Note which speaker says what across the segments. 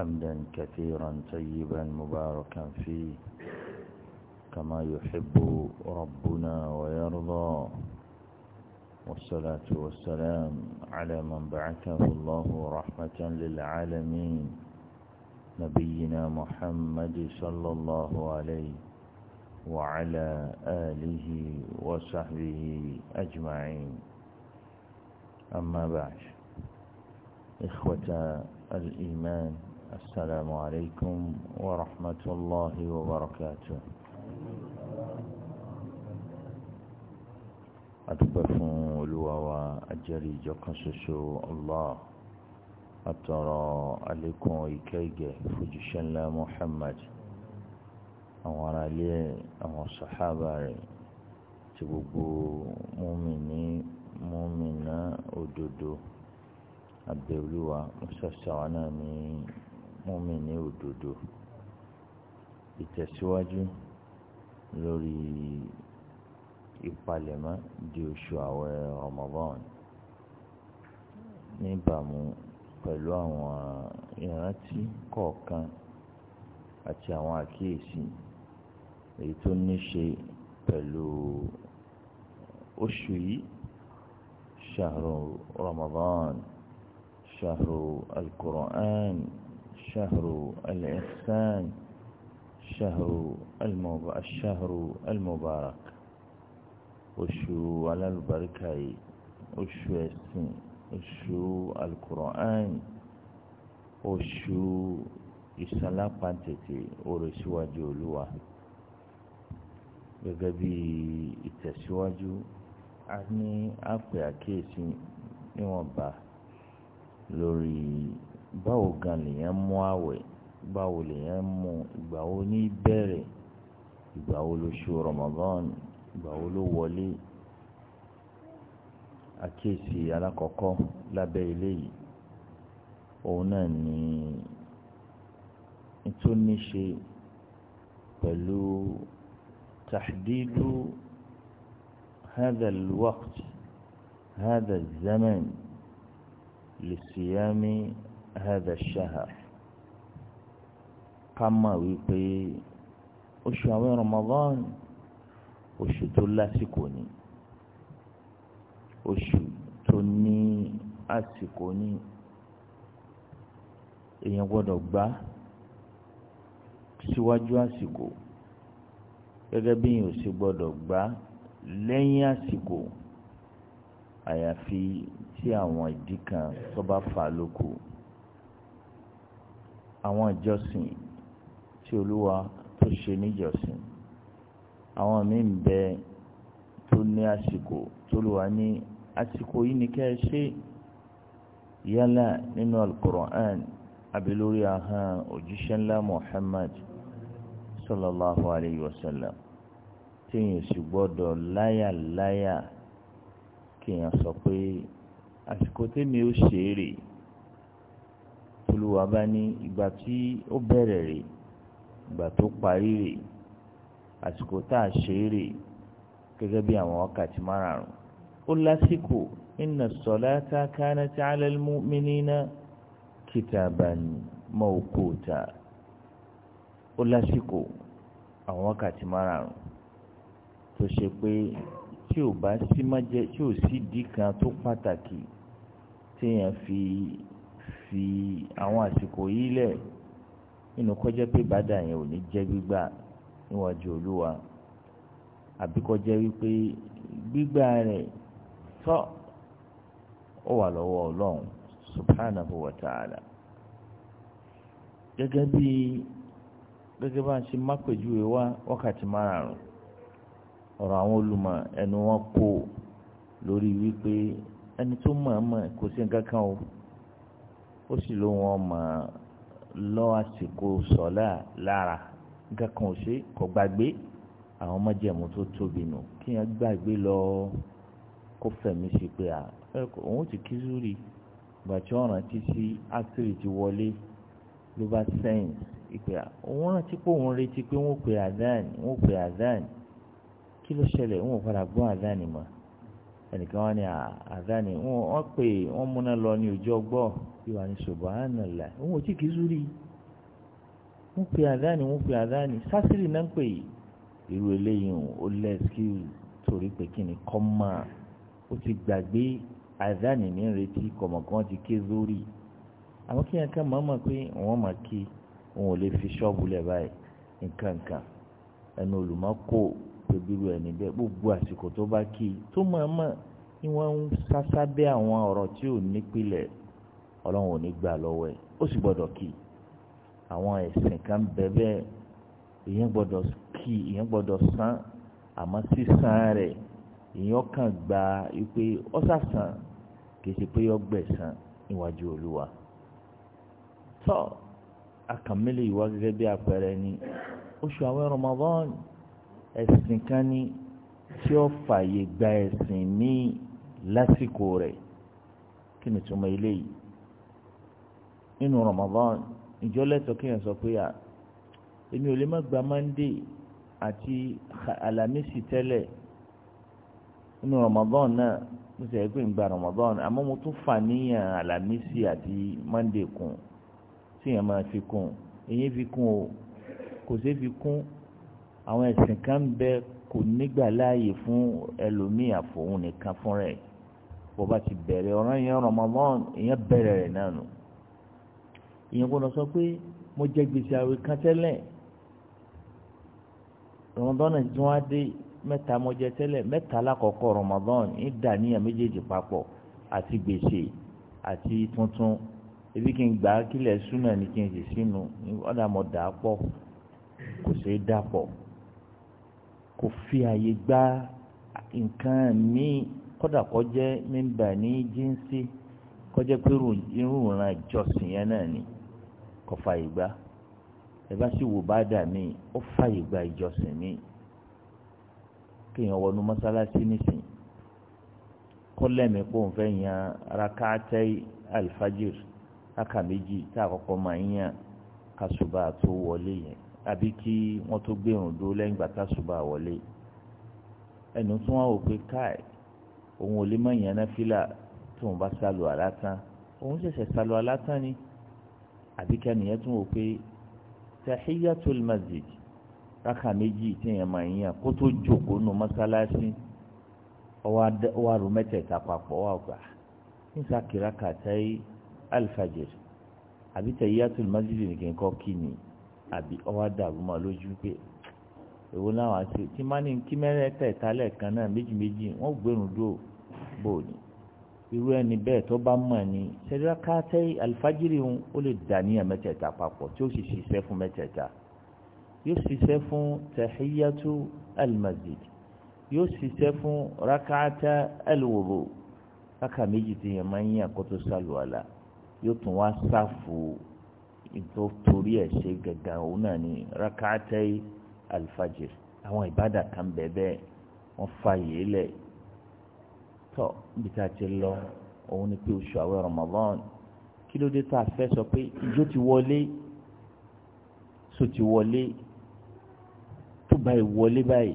Speaker 1: حمدا كثيرا طيبا مباركا فيه كما يحب ربنا ويرضى والصلاة والسلام على من بعثه الله رحمة للعالمين نبينا محمد صلى الله عليه وعلى آله وصحبه أجمعين أما بعد إخوة الإيمان السلام عليكم ورحمة الله وبركاته أتبفون ولواوى أجري جقصص الله أترى عليكم إكيجة فجشن لا محمد أورا لي أو الصحابة تبقوا مؤمنين مؤمنة òdodo abẹ́olúwa mọ́sàsáwá náà ní mùmínì òdodo ìtẹ̀síwájú lórí ìpalẹ̀mọ́ di oṣù àwẹ̀ Ramadan níbàámu pẹ̀lú àwọn ìrántí kọ̀ọ̀kan àti àwọn àkíyèsí èyí tó ní ṣe pẹ̀lú oṣù yìí ṣahru Ramadan ṣahru al-Qur'an. شهر الإحسان شهر المبارك الشهر المبارك وشو على البركة وشو السن وشو القرآن وشو ìsàlá pàǹtẹ̀tẹ̀ ọ̀rọ̀ síwájú olúwa gẹ́gẹ́ bí ìtẹ̀síwájú a ní àpè àkíyèsí níwọ̀nba lórí báwo gan lèèyàn mú àwẹ̀ báwo lèèyàn mú ìgbà wo ní bẹ̀rẹ̀ ìgbà wo lóṣù Ramadan ìgbà wo ló wọlé àkíyèsí alákọ̀ọ́kọ́ lábẹ́ eléyìí òun náà ni bere igba wo ṣu rọmọgán ní alakooko labe ilé yìí oun naa pẹ̀lú tàdídú tahdidu هذا الوقت هذا lè ṣèyàmí hadha ash-shahr ká mọ̀ wípé oṣù àwọn Ramadan oṣù tó lásìkò ni oṣù tó ní àsìkò ni èèyàn gbọ́dọ̀ gbà síwájú àsìkò gẹ́gẹ́ bí èèyàn ò sì gbọ́dọ̀ gbà lẹ́yìn àsìkò àyàfi tí àwọn ìdí kan tó bá fà lóko àwọn ìjọsìn tí olúwa tó ṣe níjọsìn àwọn míì ń bẹ tó ní àsìkò tólúwa ní àsìkò yìí ni kẹ́ ẹ ṣe yálà nínú alukur'an àbí lórí ahọ́n ńlá Muhammad sallallahu alayhi wa sallam téèyàn sì gbọ́dọ̀ láyàláyà kéèyàn sọ pé àsìkò tèmi ó ṣe é rèé olúwa bá ní ìgbà tí ó bẹ̀rẹ̀ rè ìgbà tó parí rè àsìkò tá a ṣe é rè gẹ́gẹ́ bí àwọn wákàtí márààrún ó lásìkò inna salata kanat ala almu'minina kitaban mawquta ó lásìkò àwọn wákàtí márààrún tó ṣe pé tí ò bá sí májẹ tí ò sí di kan tó pàtàkì téèyàn fi fi àwọn àsìkò yìí lẹ̀ nínú kọjá pé bàdà yẹn ò ní jẹ́ gbígbà níwájú olúwa àbí kọjá wípé gbígbà rẹ̀ tọ́ ó wà lọ́wọ́ ọlọ́run subhanahu wa ta'ala gẹ́gẹ́ bí gẹ́gẹ́ bá ń ṣe mápèjúwe wá wákàtí márààrún ọ̀rọ̀ àwọn olùmọ̀ wọn kò lórí wípé ẹni tó mọ̀ ọ́n mọ̀ kò sí nǹkan kan o ó sì ló wọn mọ̀ lọ́ àsìkò sọ́lá lára nǹkan kan ò ṣe kò gbàgbé àwọn májẹ̀mú tó tóbi nù kí yẹn gbàgbé lọ kó fẹ̀mí sí pé à òun ti kí zúrì gbàtí ọ̀ràn ti sí ásírì ti wọlé ló bá sẹ́yìn ìpè à òun rántí pé òun retí pé wọ́n pè àdáàní wọ́n pè àdáàní kí ló ṣẹlẹ̀ òun ò padà gbọ́ àdáàní mọ́ ẹnìkan wá ni àdáni wọ́n pè wọ́n múná lọ ní ojú ọgbọ́ ìwà ní subhanallah òun ò tí kì í súrí wọ́n pè àdáni wọ́n pè àdáni sásìrì náà ń pè yìí irú eléyìí ó lẹ́ skill torí pé kí ni kọ́ máa ó ti gbàgbé àdáni ní retí kọ̀mọ̀kan ti ké lórí àwọn kí yẹn ká máa mọ̀ pé wọ́n máa ké òun ò lè fi ṣọ́ọ̀bù lẹ̀ báyìí nǹkan nǹkan ẹnu olùmọ́kò tóbírú ẹni bẹ́ẹ̀ gbogbo àsìkò tó bá kí i tó máa mọ̀ ni wọ́n ń sásá bẹ́ àwọn ọ̀rọ̀ tí ò nípìlẹ̀ ọlọ́run ò ní gbà lọ́wọ́ ẹ̀ ó sì gbọ́dọ̀ kí i àwọn ẹ̀sìn kan bẹ bẹ́ẹ̀ ìyẹn gbọ́dọ̀ kí i ìyẹn gbọ́dọ̀ san àmọ́ sísan rẹ̀ ìyẹn kàn gba pé ọ́sàsàn kì í ṣe pé ọgbẹ̀sán níwájú olúwa tọ́ akànmílẹ̀ ìwà gẹ́gẹ́ bí àpẹẹrẹ ni oṣù àwọn Ramadan ẹ̀sìn kan ní tí ó fààyè gba ẹ̀sìn míì lásìkò rẹ̀ kí ni túmọ̀ eléyìí nínú Ramadan ìjọ lẹ́tọ̀ọ́ kí yẹn sọ pé à èmi ò lè má gba Monday àti Alámísì tẹ́lẹ̀ nínú Ramadan náà mo sì ẹgbẹ́ ń Ramadan àmọ́ mo tún fà níyàn Alámísì àti Monday kùn tí yẹn máa fi kùn èyí fi kùn o kò sí fi kún àwọn ẹ̀sìn kan bẹ kò nígbà láàyè fún ẹlòmíì àfòun nìkan fúnra ẹ̀ bó bá ti bẹ̀rẹ̀ ọ̀ràn yẹn Ramadan ìyẹn bẹ̀rẹ̀ rẹ̀ náà nù ìyẹn kò lọ sọ pé mo jẹ gbèsè àwẹ̀ kan tẹ́lẹ̀ Ramadan náà tún wá dé mẹ́ta mo jẹ tẹ́lẹ̀ mẹ́ta lákọ̀ọ́kọ́ Ramadan ń dà níyàn méjèèjì papọ̀ àti gbèsè àti tuntun ebi kí n gbà á kílẹ̀ súnà ni kí n sì sínú ọ̀dà mo dà á pọ̀ kò ṣeé dà pọ̀ kò fi àyè gba nǹkan míì kódà kó jẹ́ mímbà ní jíǹsì kó jẹ́ pé irúnran ìjọsìn yẹn náà ni kò fàyè gba ẹ bá sì wò bá dà mí ó fàyè gba ìjọsìn mi kéèyàn wọnú mọ́sálásí nísìnyí kó lẹ́mìí pé fẹ́ yan rakatẹ́ alifajir rákà tá a kọ́kọ́ máa ń yan kásùbà tó wọlé yẹn àbí kí wọ́n tó gbẹ̀rùn dúró lẹ́yìn ìgbà tásùbà wọlé ẹnu tí wọ́n ò pé káì òun ò lè mọ ìyẹn náà tí òun bá sálù àlátán òun ṣẹ̀ṣẹ̀ sálù àlátán ni àbí kẹ́niyẹn tún wò pé tahiyatul masjid rákà méjì téèyàn máa ń yàn kó tó jòkó nu mọ́sálásí ọwọ́ àrùn mẹ́tẹ̀ẹ̀ta papọ̀ ọwọ́ àgbà ah, níta kìrákà tẹ́ alfajir àbí tahiyatul masjid nìkan kọ́ kí ni àbí ọwọ́ dàrú mọ́ lójú pé èwo làwọn àti tí má ní kí mẹ́rẹ̀ẹ́tẹ̀ tálẹ̀ kan náà méjì méjì wọ́n gbẹ̀rún dúró bò ní irú ẹni bẹ́ẹ̀ tó bá mọ̀ ni ṣẹ́dá káàtẹ́ alifájírì ń ó lè dà níyàn mẹ́tẹ̀ẹ̀ta papọ̀ tí ó sì ṣiṣẹ́ fún mẹ́tẹ̀ẹ̀ta yóò ṣiṣẹ́ fún tahiyatu almasjid yóò ṣiṣẹ́ fún rakata alwudu rákà méjì tí yẹn máa ń yàn kó sálùwàlà yóò tún wá sáfù ìtò torí ẹ̀ ṣe gàgà òun náà ni rakaatai alfajir àwọn ìbádà kan bẹ́ẹ̀ wọ́n fa yìí lẹ̀ tọ́ ibi tá a ti lọ òun ni pé oṣù àwẹ̀ Ramadan kí ló dé tá a fẹ́ sọ pé ijó ti wọlé so ti wọlé tó báyìí wọlé báyìí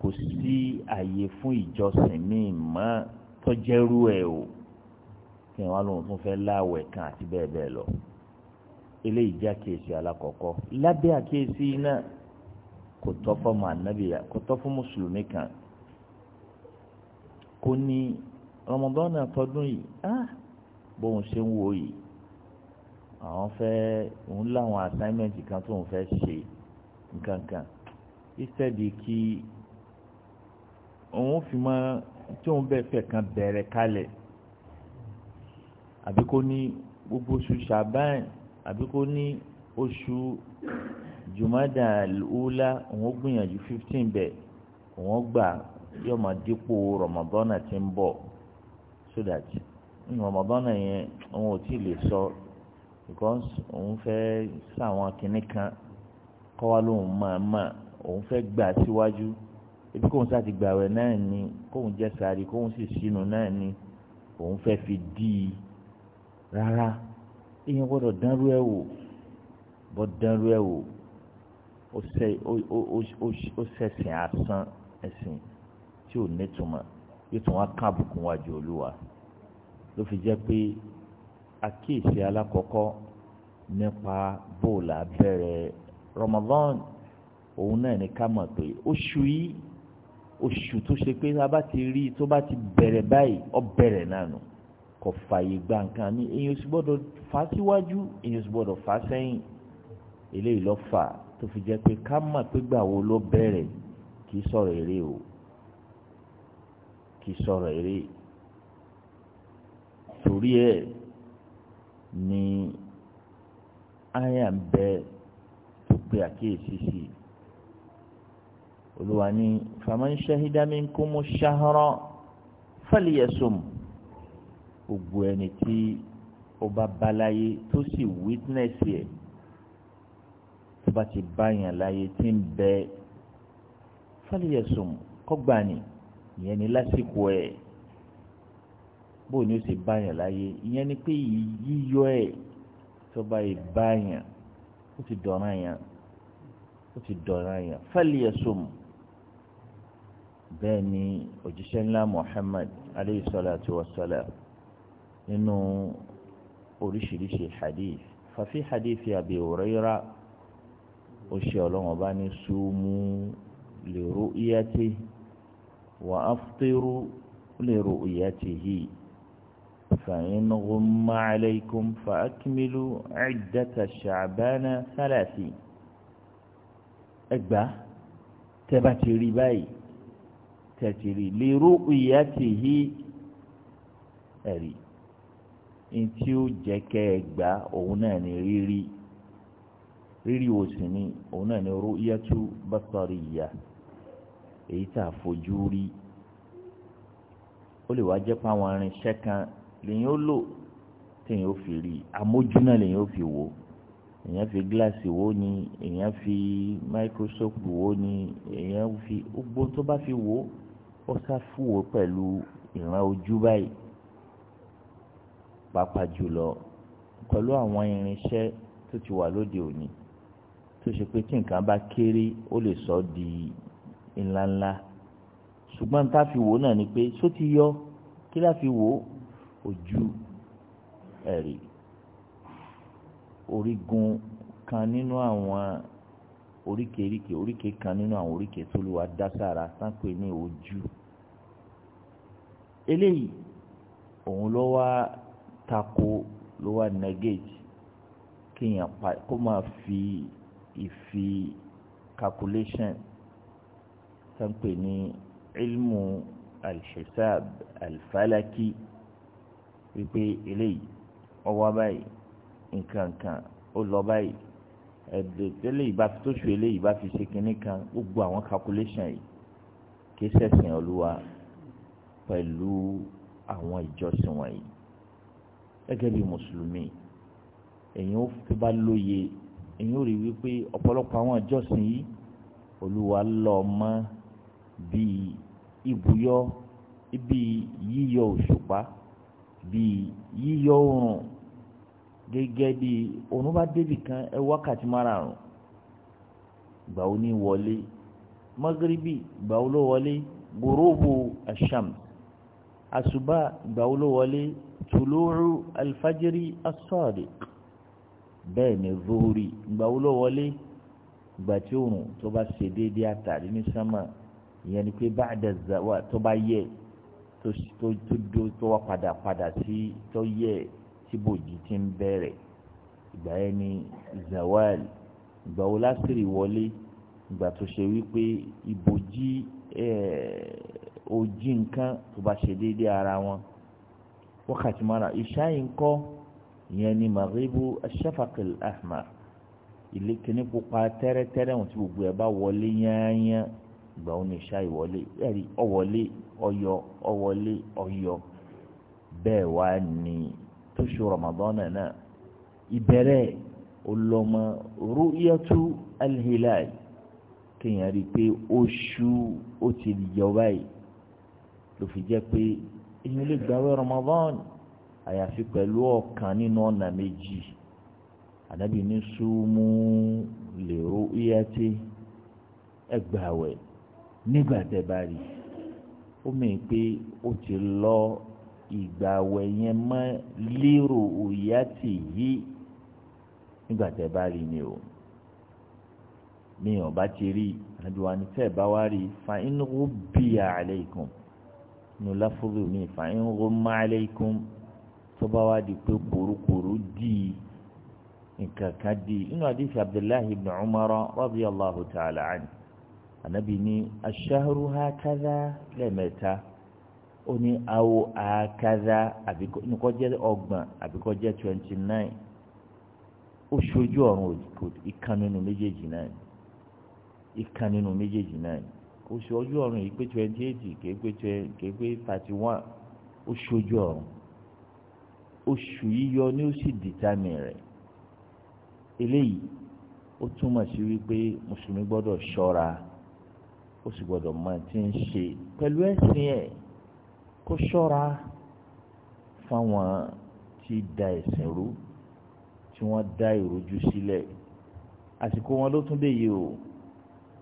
Speaker 1: kò sí àyè fún ìjọsìn míì mọ́ tọ́jẹ́rú ẹ̀ o kí wọ́n lóun tún fẹ́ láwẹ̀ kan àti bẹ́ẹ̀ bẹ́ẹ̀ lọ eléyìí jẹ́ àkíyèsí alákọ̀ọ́kọ́ lábẹ́ àkíyèsí náà kò tọ́ fọ́mọ ànábìyà kò tọ́ fún mùsùlùmí kan kò ní Ramadan àtọ́dún yìí ah bóun ṣe ń wo yìí àwọn fẹ́ òun láwọn assignment kan tóun fẹ́ ṣe nkankan ìṣẹ́bi kí òun fi mọ tóun bẹ́ẹ̀ fẹ́ kan bẹ̀rẹ̀ kalẹ̀ àbí kò ní gbogbo oṣù ṣàbáyìn àbí kó ní oṣù jùmọ́dà lùúlá òun gbìyànjú fifteen bẹ̀ òun gbà yóò máa dípò rọmọdọ́nà tí ń bọ̀ so that rọmọdọ́nà yẹn òun ò tí ì lè sọ because òun fẹ́ sáwọn kinní kan kọ́wá lóun máa máa òun fẹ́ gbà síwájú ebi kóun sá ti gbàwẹ̀ náà ni kóun jẹ́ sáré kóun sì sínú náà ni òun fẹ́ fi dì í rárá èèyàn gbọ́dọ̀ dánrú ẹ̀ wò bọ́ dánrú ẹ̀ wò ó sẹ̀sìn asán ẹ̀sìn tí ò nítumọ̀ yóò tún wá káàbùkù wájú olúwa ló fi jẹ́ pé àkíyèsí alákọ̀ọ́kọ́ nípa bóòlù abẹ́rẹ́ Ramadan òun náà ní ká mọ̀ pé oṣù yìí oṣù tó ṣe pé a bá ti rí i tó bá ti bẹ̀rẹ̀ báyìí ó bẹ̀rẹ̀ náà nù kò fààyè gba nǹkan ní èyàn sì gbọ́dọ̀ fà á síwájú èyàn sì gbọ́dọ̀ fà á sẹ́yìn eléyìí lọ fà á tó fi jẹ́ pé ká mà pé gbà wo ló bẹ̀rẹ̀ kì í sọ̀rọ̀ eré o kì í sọ̀rọ̀ eré torí ẹ̀ ni àyà bẹ tó pe àkíyèsí sí i olùwà ni faman shahida minkumu shahra falyasum gbogbo ẹni tí ó bá balaye tó sì wítínẹ̀sì ẹ̀ tó bá ti báyàn láyé tí ń bẹ fálíyẹ̀sùn kọ́gbàní ìyẹn ni lásìkò ẹ̀ bó ni ó sì báyàn láyé ìyẹn ni pé yíyọ ẹ̀ tó bá yìí báyàn ó ti dọ̀ràn yàn ó ti dọ̀ràn yàn fálíyẹ̀sùn bẹ́ẹ̀ ni òjíṣẹ́ ńlá Muhammad aleyhi salatu wa salam nínú oríṣiríṣi hadith fàfi hadith Abi Hurayra ó ṣe ọlọ́run ọba ní sumu li ru'yatihi wa aftiru li ru'yatihi فإن غم عليكم فأكملوا عدة شعبان ثلاثين ẹgbà tẹbàtìrì báyìí tẹtìrì lérò ìyá tìhí ẹrí ntí ó jẹ́ kẹ́ ẹ gbà òun náà ní rírí rírí wò sí ni òun náà ní ru'yatu basariyya èyí tá a fojú rí ó lè wá jẹ́ pé àwọn irinṣẹ́ kan lèyìn ó lò téèyàn ó fi rí amójú náà lèyìn ó fi wò èyàn fi gíláàsì wò ni èyàn fi máikrósóòpù wò ni èyàn fi gbogbo tó bá fi wò ó sá fún wò pẹ̀lú ìran ojú báyìí pàápàá jùlọ pẹ̀lú àwọn irinṣẹ́ tó ti wà lóde òní tó ṣe pé tí nǹkan bá kéré ó lè sọ di ńláńlá ṣùgbọ́n tá a fi wò náà ni pé só ti yọ kí la fi wò ojú ẹ̀rí orígun kan nínú àwọn oríkèéríkèé oríkèé kan nínú àwọn oríkèé tó lù wá dá sára sáńpé ní ojú eléyìí òun ló wá tako ló wà negate kéèyàn pa kó máa fi ìfi calculation sanpe ní ilmu alhisab alfalaki wípé eléyìí ọwọ́ báyìí nkankan ó lọ báyìí ẹ̀dẹ̀ tẹ́lẹ̀ ìbá tó ṣù eléyìí bá fi ṣe kínní kan gbogbo àwọn calculation yìí kí sẹ̀sìn olúwa pẹ̀lú àwọn ìjọsìn wọ̀nyí gẹ́gẹ́ bí mùsùlùmí èyàn tó bá lóye èyàn rí wípé ọ̀pọ̀lọpọ̀ àwọn ìjọsìn yìí olúwa lọ mọ́ bíi ibùyọ bíi yíyọ òṣùpá bíi yíyọ oòrùn gẹ́gẹ́ bíi oòrùn bá débì kan ẹ wákàtí márààrún gbàù ní wọlé magribi gbàù ló wọlé gurubu ashams àṣùbá ìgbà wo ló wọlé tùlúrù alfajiri as-sadiq bẹ́ẹ̀ ni zuhuri ìgbà wo ló wọlé ìgbà tí òòrùn tó bá ṣe déédéé àtàrí ní sánmà ìyẹn ni pé báàdà zàwà tó bá yẹ tó tó tó wá padà padà sí tó yẹ tí bòjì ti ń bẹ̀rẹ̀ ìgbà yẹn ni zawal ìgbà wo lásìrì wọlé ṣe wípé ìbòjì ẹ̀ẹ́ òjì nǹkan tó bá ṣe déédéé ara wọn wákàtí mara ìṣáyìn kọ́ ìyẹn ni maghribu ashafakil ahmar ilé kíní pupa tẹ́rẹ́tẹ́rẹ́ wọn tí gbogbo ẹ̀ bá wọlé yányán ìgbà wọn ni ìṣáyìn wọlé ẹ̀rí ọ̀wọ́lé ọ̀yọ́ ọ̀wọ́lé ọ̀yọ́ bẹ́ẹ̀ wá ní tóṣù ramadana náà ìbẹ̀rẹ̀ olọ́mọ ru'yatu alhilal kéèyàn rí i pé oṣù ó ti yọ báyìí ló fi jẹ́ pé èyí lè gbàwé Ramadan àyàfi pẹ̀lú ọ̀kan nínú ọ̀nà méjì ànábì ní súnmú lèrò iyàtí ẹgbàwẹ̀ nígbà tẹ́ bá rí ó mì pé ó ti lọ ìgbàwẹ̀ yẹn mọ́ lérò iyàtí yìí nígbà tẹ́ ni o mi ò bá ti rí àdùnnà tẹ́ bá wá rí fa inú bí i àlẹ́ ìkùn nù láfúrú mi fàáyín ń rọ́mọ́ aleikum tó bá wá di pé kòrókòró dì í nǹkan kan dì í inú àdìsí abdullahi ibn umar radiyallahu ta'ala anhu anabi ní aṣááru ha kádà lẹ́ẹ̀mẹ́ta ó ní awo ha kádà àbíkọ́jẹ́ ọgbọ̀n àbíkọ́jẹ́ twenty nine ó ṣojú ọ̀run ìkan nínú méjèèjì náà ìkan méjèèjì náà oṣù ojú ọ̀run yìí pé twenty eight kìí pé kìí pé thirty one oṣù ojú ọ̀run oṣù yíyọ ni ó sì dìtàmì rẹ̀ eléyìí ó túmọ̀ sí wípé mùsùlùmí gbọ́dọ̀ ṣọ́ra ó sì gbọ́dọ̀ mọ tí ń ṣe pẹ̀lú ẹ̀sìn ẹ̀ kó ṣọ́ra fáwọn tí da ẹ̀sìn rú tí wọ́n dá ìrújú sílẹ̀ àsìkò wọn ló tún dé yìí o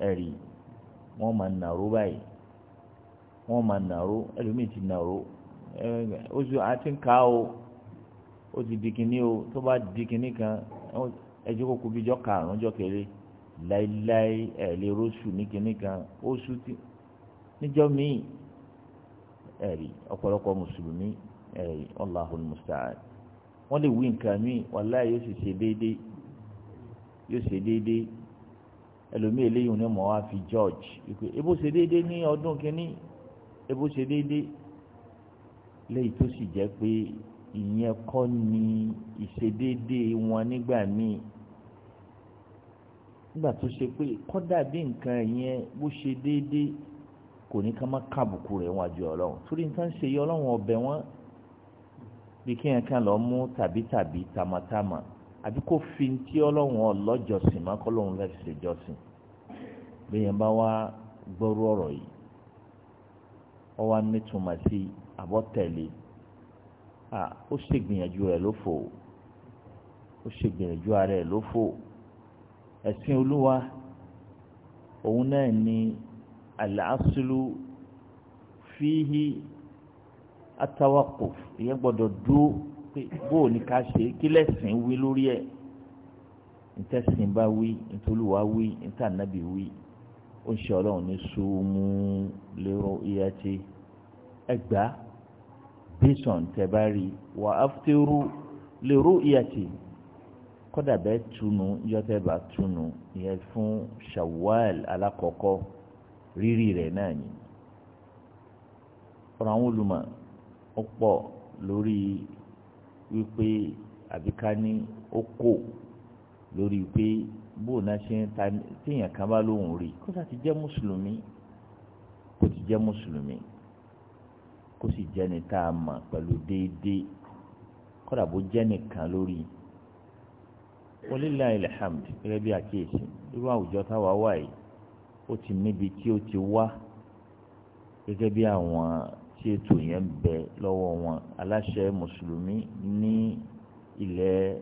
Speaker 1: ẹ̀rí wọ́n máa nàró báyìí wọ́n máa nàró ẹlòmíì ti nàró ẹ oṣù àti o ó ti di o tó bá di kinní kan ẹjọ́ kókó bíjọ́ karùn-ún kéré láéláé ẹ̀ lè róṣù ní kinní kan oṣù ti musulumi míì ẹ̀rí ọ̀pọ̀lọpọ̀ mùsùlùmí ẹ̀rí Allahul musta'an wọ́n lè wí nǹkan ẹlòmí eléyìí ni mo wá fi george ìpè ebó ṣe déédéé ní ọdún kínní ebó ṣe déédéé léyìí tó sì jẹ́ pé ìyẹn kọ́ ni ìṣedéédéé wọn nígbà míì nígbà tó ṣe pé kọ́dà bí nǹkan yẹn bó ṣe déédéé kò ní ká má kábùkù rẹ̀ wájú ọlọ́run torí nǹkan ṣe yí ọlọ́run ọbẹ̀ wọn bí kéèyàn kan lọ mú tàbítàbí tamatama àbí kó fi ti ọlọ́run ọlọ́jọ́sìn má kọ́ lóun fẹ́ ṣèjọ́sìn bẹ́yẹn bá wá gbọ́rú ọ̀rọ̀ yìí ọ wá nítumọ̀ sí àbọ̀tẹ̀lé à ó ṣègbìyànjú rẹ̀ lófò ó ṣègbìyànjú ara ẹ̀ lófò ẹ̀sìn olúwa òun náà ni àlàásùlù fíhí atawakò ìyẹn gbọ́dọ̀ dúró pé bó o ní ká ṣe kí lẹ́sìn wí lórí ẹ̀ ntẹ́sìn bá wí ntolúwa wí ntànàbì wí ó ṣe ọlọ́run ní súnmú lérò iyàtí ẹgbà bísọ̀n tẹ̀bárì wà áfítẹ́rù lérò iyàtí kọ́dà bẹ́ẹ̀ túnú yọ́tẹ̀bà túnú ìyẹn fún shawal alákọ̀ọ́kọ́ rírì rẹ̀ náà ni ọ̀rọ̀ àwọn olùmọ̀ ó pọ̀ lórí wípé àbíká ní ó kò lórí pé bóun náà ṣe ń ta téèyàn kan bá lóun rí kó sá ti jẹ́ mùsùlùmí kó ti jẹ́ mùsùlùmí kó sì jẹ́ni tá a mọ̀ pẹ̀lú déédéé kódà bó jẹ́ni kan lórí walilahi alhamd gẹ́gẹ́ bí àkíyèsí irú àwùjọ táwa wà yìí ó ti níbi tí ó ti wá gẹ́gẹ́ bí àwọn tí ètò yẹn bẹ lọ́wọ́ wọn aláṣẹ mùsùlùmí ní ilẹ̀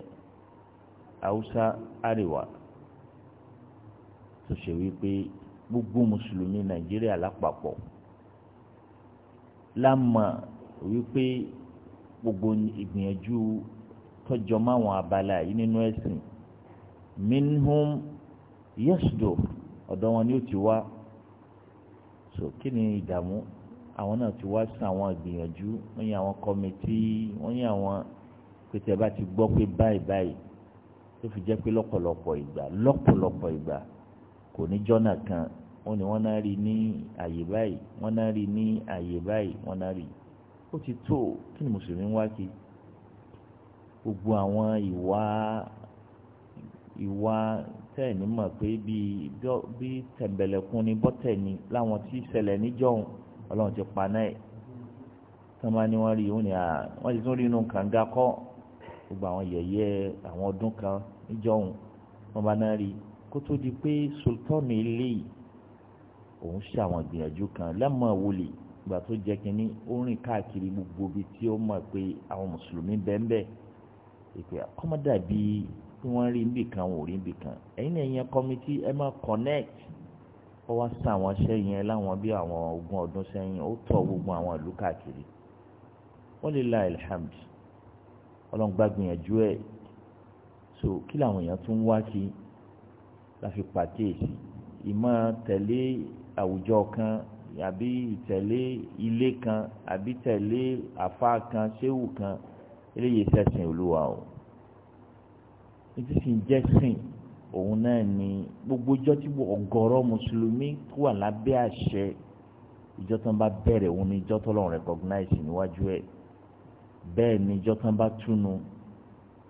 Speaker 1: haúsá àríwá tó ṣe wípé gbogbo mùsùlùmí nàìjíríà lápapọ̀ lámà wípé gbogbo ìgbìyànjú tọjọ máwọn abala yìí nínú ẹ̀sìn minhum yasdo ọ̀dọ̀ wọn ni ó ti wá so kí ni ìdààmú àwọn náà ti wá sí àwọn ìgbìyànjú wọ́n yẹ àwọn kọ́mítì wọ́n yẹ àwọn pété bá ti gbọ́ pé báyìí báyìí tó fi jẹ́ pé lọ́pọ̀lọpọ̀ ìgbà lọ́pọ̀lọpọ̀ ìgbà kò ní jọ́nà kan wọ́n ní wọ́n náà rí ní àyè báyìí wọ́n náà rí ní àyè báyìí wọ́n náà rí ó ti tó kí ni mùsùlùmí wá kí gbogbo àwọn ìwà ìwà tẹ́ẹ̀ ní mọ̀ pé bí tẹ̀m̀bẹ̀lẹ̀kún ni bọ́tẹ̀ ni láwọn tí ṣẹlẹ̀ níjọ́hun ọlọ́run ti pa náà ẹ̀ tán bá ní wọ́n rí òun ni wọ́n ti tún rí inú kànga kọ́ gbogbo àwọn yẹ̀yẹ́ àwọn ọdún kan níjọ́hun wọ́n bá náà rí kó tó di pé sultanu ilé yìí òun ṣe àwọn ìgbìyànjú kan lẹ́mọ̀ wòlé ìgbà tó jẹ́ kínní ó rìn káàkiri gbogbo ibi tí ó mọ̀ pé àwọn mùsùlùmí bẹ́ẹ̀ ìpè àkọ́mọ́dà bíi tí wọ́n rí níbì kan wọ́n rí níbì kan ẹ̀yin náà yẹn kọ́mítì ẹ máa connect ó wá sí àwọn iṣẹ́ yẹn láwọn bí àwọn ogún ọdún sẹ́yìn ó tọ́ gbogbo àwọn ìlú káàkiri wọ́n lè la alhamd ọlọ́ngbàgbìyànjú ẹ̀ so kí làwọn èèyàn tún wá kí láfi pàkíyèsí ìmọ̀ tẹ̀lé àwùjọ kan àbí ìtẹ̀lé ilé kan àbí tẹ̀lé àfa kan séwù kan eléyìí sẹ̀sìn olúwa o ìtìsìn jẹ́ sìn òun náà ni gbogbo ọjọ́ tí ọ̀gọ̀rọ̀ mùsùlùmí wà lábẹ́ àṣẹ ìjọ tán bá bẹ̀rẹ̀ òun ni ìjọ tó lọ́n recognize níwájú ẹ̀ bẹ́ẹ̀ ni ìjọ tán bá túnu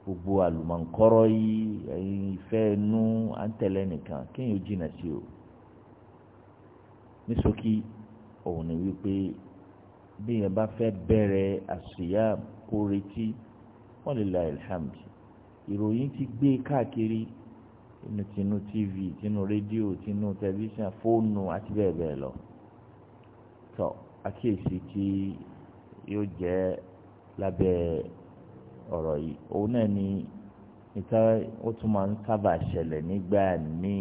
Speaker 1: gbogbo àlùmọ̀ǹkọ́rọ́ yìí ẹ̀yin ìfẹ́ inú à ń tẹ̀lé nìkan kéèyàn jìnnà sí o ní ṣókí òun ni wípé bí yẹn bá fẹ́ bẹ̀rẹ̀ àṣìyá kó retí wọ́n lè la alhamd ìròyìn ti gbé káàkiri inú tinú tv tinú rédíò tinú tẹlifíṣàn fóònù àti bẹ́ẹ̀ bẹ́ẹ̀ lọ tó àkíyèsí tí yóò jẹ́ lábẹ́ ọ̀rọ̀ yìí òun náà ni níta ó tún máa ń sábà ṣẹlẹ̀ nígbà míì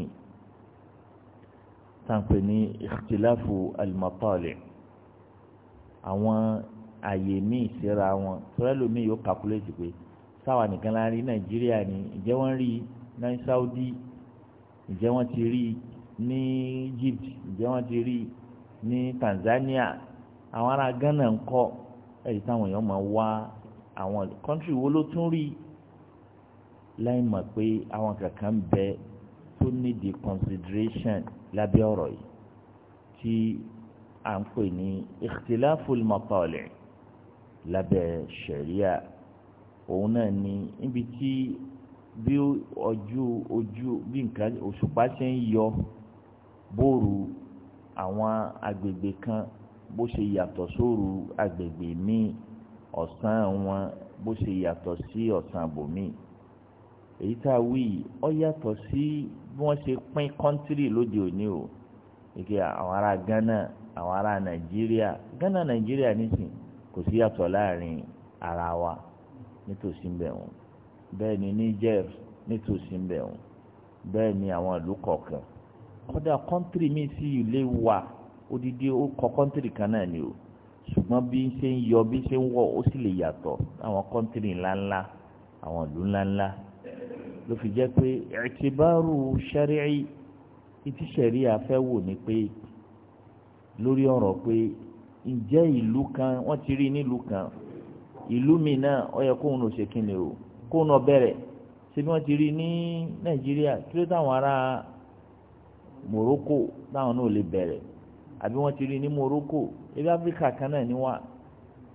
Speaker 1: táǹpẹ̀ ní ìkìtìláfù alimọ́tọ́ọ̀lì àwọn àyè míì síra wọn tọ́lẹ́lò míì yóò kàkúlẹ̀tì pé sáwà nìkan la rí nàìjíríà ni ìjẹ́ wọ́n rí ní saudi ìjẹ́ wọ́n ti rí ní egypt ìjẹ́ wọ́n ti rí ní tanzania àwọn ará ghana ń kọ́ èyí táwọn èèyàn máa wá àwọn kọ́ńtì wo ló tún rí láì mọ̀ pé àwọn kankan ń bẹ tó nídìí consideration lábẹ́ ọ̀rọ̀ yìí tí à ń pè ní ikhtilaful matali' lábẹ́ ṣẹ̀ríà òun náà ni níbi tí bí ojú ojú bí nǹkan òṣùpá ṣe ń yọ bóòrù àwọn agbègbè kan bó ṣe yàtọ̀ sóòrù agbègbè míì ọ̀sán wọn bó ṣe yàtọ̀ sí ọ̀sán bòmíì èyí tá a wí yìí ọ yàtọ̀ sí bí wọ́n ṣe pín kọ́ńtírì lóde òní o ike àwọn ará Ghana àwọn ará Nàìjíríà Ghana Nàìjíríà nísìn kò sí yàtọ̀ láàrin ara wa nítòsí ń bẹ́ẹ̀ ni Niger nítòsí ń bẹ́ẹ̀ ni àwọn ìlú kọ̀ọ̀kan kọ́dà kọ́ńtírì míì sí ilé wa odidi ó kọ kọ́ńtírì kan náà ni o ṣùgbọ́n bí ń ṣe ń yọ bí ń ṣe ń wọ̀ ó sì lè yàtọ̀ àwọn kọ́ńtìrì ńláńlá àwọn ìlú ńláńlá ló fi jẹ́ pé ẹ̀tìbárù ṣẹ́ríì títí ṣẹ̀rí afẹ́ wò ni pé lórí ọ̀rọ̀ pé ǹjẹ́ ìlú kan wọ́n ti rí nílùú kan ìlú mi náà ó yẹ kóun ò ṣe kíni o kóun ò bẹ̀rẹ̀ ṣé bí wọ́n ti rí ní Nàìjíríà kí ló táwọn ará Morocco táwọn náà lè bẹ̀rẹ̀ àbí wọ́n ti rí ní Morocco ebi Áfíríkà kan náà ni wá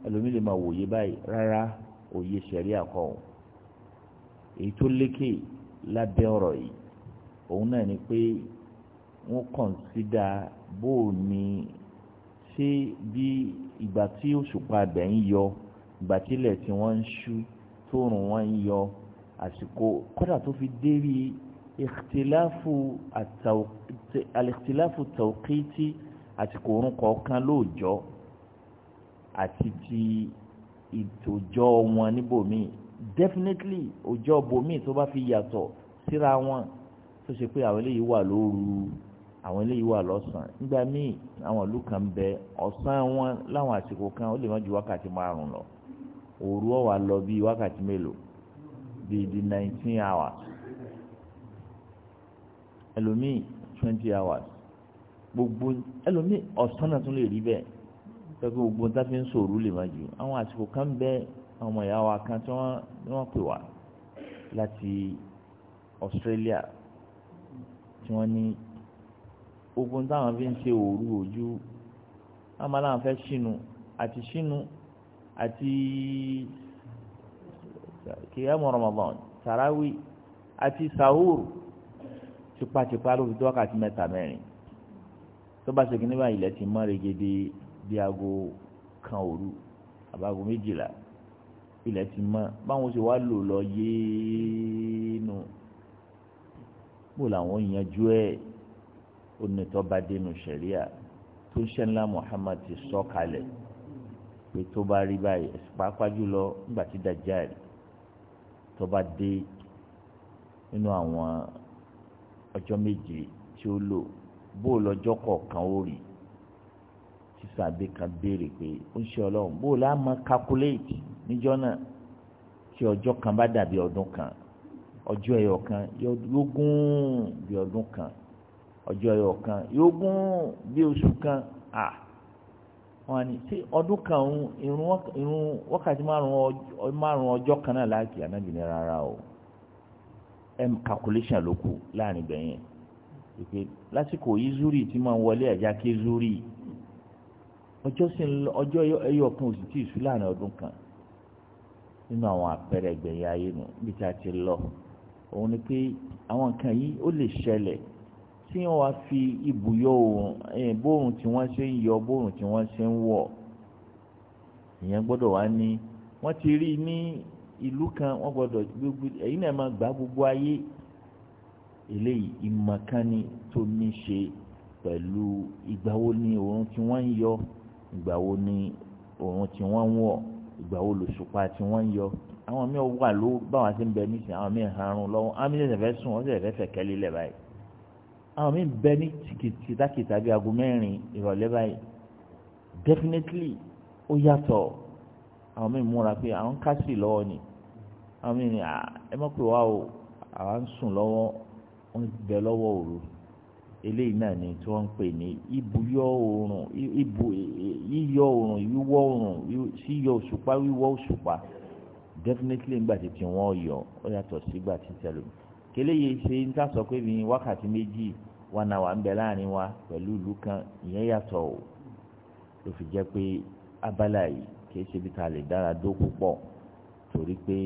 Speaker 1: ẹlòmíì lè máa wòye báyìí rárá òye sẹ̀ríà kọ́ ọ́ èyí tó lékè lábẹ́ ọ̀rọ̀ yìí òun náà ni pé wọ́n kọ̀ǹsídà bóò ni ṣé bí ìgbà tí òṣùpá abẹ́ ń yọ ìgbà tí ilẹ̀ tí wọ́n ń ṣú tóòrùn wọn ń yọ àsìkò kódà tó fi dé rí ìkìtìláfù àtàwùkìtì àsìkò oorun kọ̀ọ̀kan lóòjọ́ àti ti ìtòjọ́ wọn níbòmíì definitely ọjọ́ bòmíì tó bá fi yàtọ̀ síra wọn tó ṣe pé àwọn eléyìí wà lóru àwọn eléyìí wà lọ́sàn-án nígbà míì àwọn ìlú kan bẹ ọ̀sán wọn láwọn àsìkò kan ó lè má ju wákàtí márùn lọ òru ọ̀wà lọ bíi wákàtí mélòó bíi di nineteen hours ẹlòmíì twenty hours gbogbo ẹlòmíì ọ̀sán náà tún lè rí bẹ́ẹ̀ pẹ̀lú gbogbo tá a fi ń sòrú lè má jù àwọn àsìkò kan bẹ ọmọ ìyá wa kan tí wọ́n pè wá láti Australia tí wọ́n ní ogun táwọn fi ń ṣe òru ojú àmọ́ làwọn fẹ́ ṣìnú àti ṣìnú àti kìyàmù Ramadan tarawi àti sahur tipatipa ló fi tó wákàtí mẹ́ta mẹ́rin tó bá segin níbà ilẹ̀ ti mọ́ regede bí aago kan òru àbáago méjìlá ilẹ̀ ti mọ́ báwọn ṣe wá lò lọ yéénu bó làwọn yanjú ẹ̀ onítọ́badénu ṣẹ̀ríà tó ṣẹ́ńlá Muhammad ti sọ kalẹ̀ pé tó bá rí báyìí pàápàá jùlọ nígbà tí Dajjal tó bá dé nínú àwọn ọjọ́ méje tí ó lò bó o lọ́jọ́ kọ̀ọ̀kan ó rí sísá abẹ kan béèrè pé ó ń ṣe ọlọ́run bó o lá máa calculate níjọ́ náà tí ọjọ́ kan bá dàbí ọdún kan ọjọ́ ẹyọ kan yóò gún bí ọdún kan ọjọ́ ẹyọ kan yóò gún bí oṣù kan à wọn ni ṣé ọdún kan irun wákàtí márùn ọjọ́ kan náà láàkì ànábìnrin rárá o m calculation ló kù láàrin bẹ́yẹn ìpè lásìkò yìí zúrì tí máa ń wọlé ẹ̀já ké zúrì ọjọ́ sì ń lọ ọjọ́ ẹyọkan oṣù tí ìṣú láàrin ọdún kan nínú àwọn àpẹẹrẹ ẹgbẹ̀yìn ayé nu níbi tí a ti lọ òun ni pé àwọn nǹkan yìí ó lè ṣẹlẹ̀ tí wọ́n wá fi ibùyọ òòrùn bóòrùn tí wọ́n ṣe ń yọ bóòrùn tí wọ́n ṣe ń wọ̀ ìyẹn gbọ́dọ̀ wá ní wọ́n ti rí ní ìlú kan wọ́n gbọ́dọ̀ gbogbo ẹ̀yin náà máa gbá gbogbo ayé eléyìí ìmọ̀kánni tó ní ṣe pẹ̀lú ìgbà wo ni òun tí wọ́n ń yọ ìgbà wo ni òun tí wọ́n ń wọ̀ ìgbà wo lòṣùpá tí wọ́n ń yọ àwọn míì wà ló báwa ti ń bẹ nísìnyí àwọn míì harun lọ́wọ́ àwọn míì ṣẹ̀ṣẹ̀ fẹ́ sùn wọ́n ṣẹ̀ṣẹ̀ fẹ̀kẹ́ lílẹ̀ báyìí àwọn míì bẹ ní kìtàkìtà bíi aago mẹ́rin ìrọ̀lẹ́ báyìí definitely ó yàtọ̀ àwọn míì múra pé àwọn kásì lọ́wọ́ ni àwọn míì ni ẹ mọ̀ pé wá o àwa ń sùn lọ́wọ́ ń bẹ lọ́wọ́ òru eléyìí náà ni tí wọ́n ń pè ní ibùyọ oòrùn ibù yíyọ oòrùn wíwọ̀ oòrùn síyọ òṣùpá wíwọ̀ òṣùpá definitely ńgbà tí tí wọ́n yọ ó yàtọ̀ sígbà tí tẹ̀lé mi kéléyìí ṣe ń tà sọ pé mi wákàtí méjì wà náà wà ń bẹ láàrin wa pẹ̀lú ìlú kan ìyẹn yàtọ̀ o ló fi jẹ́ pé abala yìí kì í ṣe bí ta lè dára dó púpọ̀ torí pé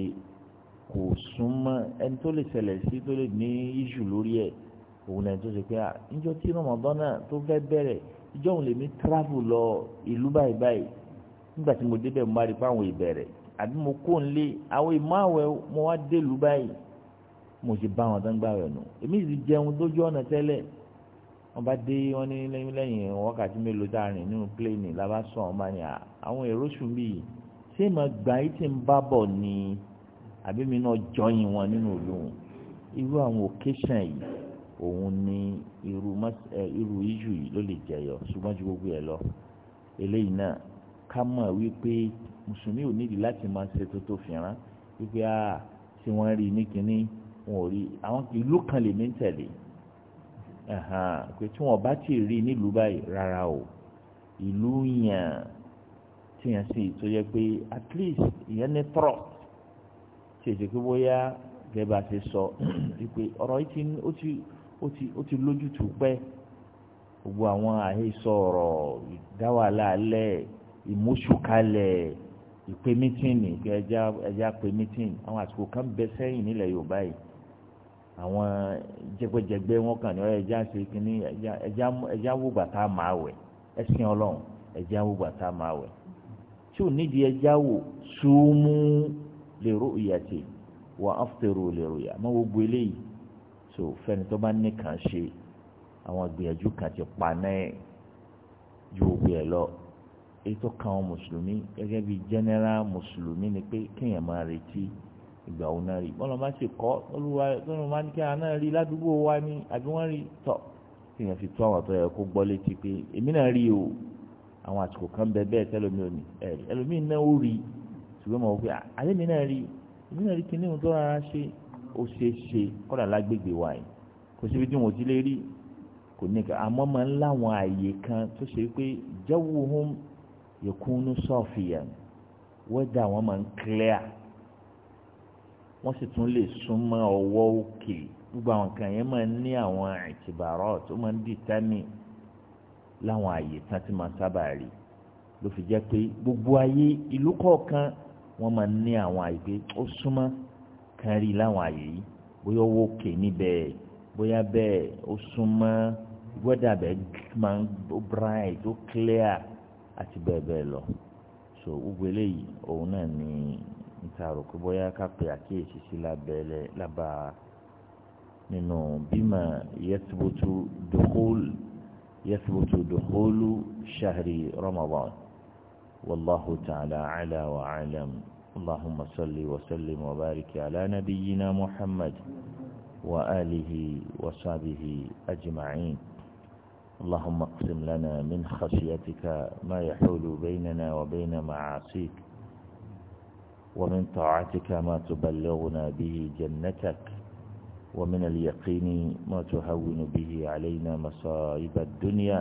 Speaker 1: kò súnmọ́ ẹni tó lè ṣẹlẹ̀ sí tó lè ní iṣu lórí ẹ̀ òun náà tó ṣe pé níjọ́ tí rọmọdán náà tó fẹ́ bẹ̀rẹ̀ ìjọ òun lèmi travel lọ ìlú báyìí báyìí nígbà tí mo débẹ̀ mo bá rí i pé àwọn ìbẹ̀rẹ̀ àbí mo kó ń lé àwọn ìmọ̀ àwẹ̀ mo wá dé ìlú báyìí mo sì bá wọn tán gbà nù èmi sì jẹun lójú ọ̀nà tẹ́lẹ̀ wọ́n bá dé wọ́n ní lẹ́yìn wákàtí mélòó tá a rìn nínú pléènì lábá sọ àwọn èrò bíi ṣé màá gbà àbí mi náà jọyìn wọn nínú ìlú wọn irú àwọn occasion yìí òun ni irú eh, irú iṣu yìí ló lè jẹyọ ṣùgbọ́n ju gbogbo ẹ̀ lọ eléyìí náà ká mọ̀ wípé mùsùlùmí ò nídìí láti máa ṣe tó tó fìràn wípé a tí wọ́n rí ní kínní wọn ò rí àwọn ìlú kan lè mí tẹ̀lé pé tí wọ́n bá ti rí nílùú báyìí rárá o ìlú yàn tí yàn sì tó yẹ pé at least ìyẹn ní trust tí èdè pé bóyá gẹ̀ẹ́bà ti sọ wípé ọ̀rọ̀ yìí ó ti lójútùú pẹ́ gbogbo àwọn àhesọ ọ̀rọ̀ ìdáwàlà alẹ́ ìmúṣùkalẹ̀ ìpè mítìnì ẹja pè mítìnì àwọn àsìkò kan bẹ sẹ́yìn nílẹ̀ Yorùbá yìí àwọn jẹgbẹjẹgbẹ wọn kàn ní ọ ẹja ṣe kínní ẹja wò bàtà máa wẹ̀ ẹsìn Ọlọ́run ẹja wò bàtà máa wẹ̀ tí ò nídìí ẹja wò súnmú liru'yati wa aftiru liru'ya mọ gbogbo eléyìí so fẹ́ni tó bá nìkan ṣe àwọn gbìyànjú kan ti pa náà ju gbogbo ẹ̀ lọ èyí tó kan àwọn mùsùlùmí gẹ́gẹ́ bíi general mùsùlùmí ni pé kéèyàn máa retí ìgbà òun náà rí bọ́lá máa ṣe kọ́ olúwa tọ́lá máa ní kí àwọn náà rí ládùúgbò wa ní àbí wọ́n rí tọ̀ kéèyàn fi tó àwọn tó yẹ kó gbọ́ létí pé èmi náà rí o àwọn àsìkò kan bẹ bẹ́ẹ̀ tẹ́lómi ò ní ẹ̀rí ẹlòmíì náà ó rí i ṣùgbọ́n mo wí àlẹ́mi náà rí èmi náà rí kíní ohun tó rárá ṣe ó ṣe é ṣe kọ́dà lágbègbè wa yìí kò síbi tí wọn ò ti lè rí kò ní ká àmọ́ máa ń láwọn àyè kan tó ṣe pé jawuhum yakunu safiyan wẹ́dà wọn máa ń clear wọ́n sì tún lè súnmọ́ ọwọ́ òkè gbogbo àwọn kan yẹn máa ń ní àwọn ìtìbàrọ̀ tó máa ń dìtámì láwọn àyè tán tí máa sábà rí ló fi jẹ́ pé gbogbo ayé ìlú kọ̀ọ̀kan wọ́n máa ní àwọn àyè pé ó súnmọ́ kan rí láwọn àyè yìí bóyá owó kè níbẹ̀ bóyá bẹ́ẹ̀ ó súnmọ́ wẹ́dà bẹ́ẹ̀ máa ń bright ó clear àti bẹ́ẹ̀ bẹ́ẹ̀ lọ so gbogbo eléyìí òun náà ní níta rò pé bóyá ká pe àkíyèsí sí lábẹ́lẹ́ lábà nínú bímọ yẹtùbùtù dùkúlù yẹtùbùtù dùkúlù shahri Ramadan. والله تعالى على وعلم اللهم صل وسلم وبارك على نبينا محمد وآله وصحبه أجمعين اللهم اقسم لنا من خشيتك ما يحول بيننا وبين معاصيك ومن طاعتك ما تبلغنا به جنتك ومن اليقين ما تهون به علينا مصائب الدنيا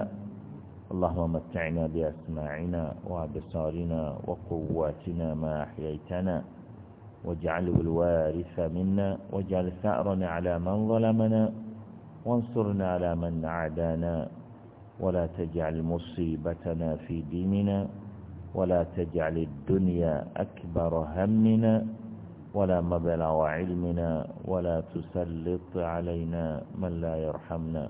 Speaker 1: اللهم متعنا بأسماعنا وأبصارنا وقواتنا ما أحييتنا واجعله الوارث منا واجعل ثأرنا على من ظلمنا وانصرنا على من عادانا ولا تجعل مصيبتنا في ديننا ولا تجعل الدنيا أكبر همنا ولا مبلغ علمنا ولا تسلط علينا من لا يرحمنا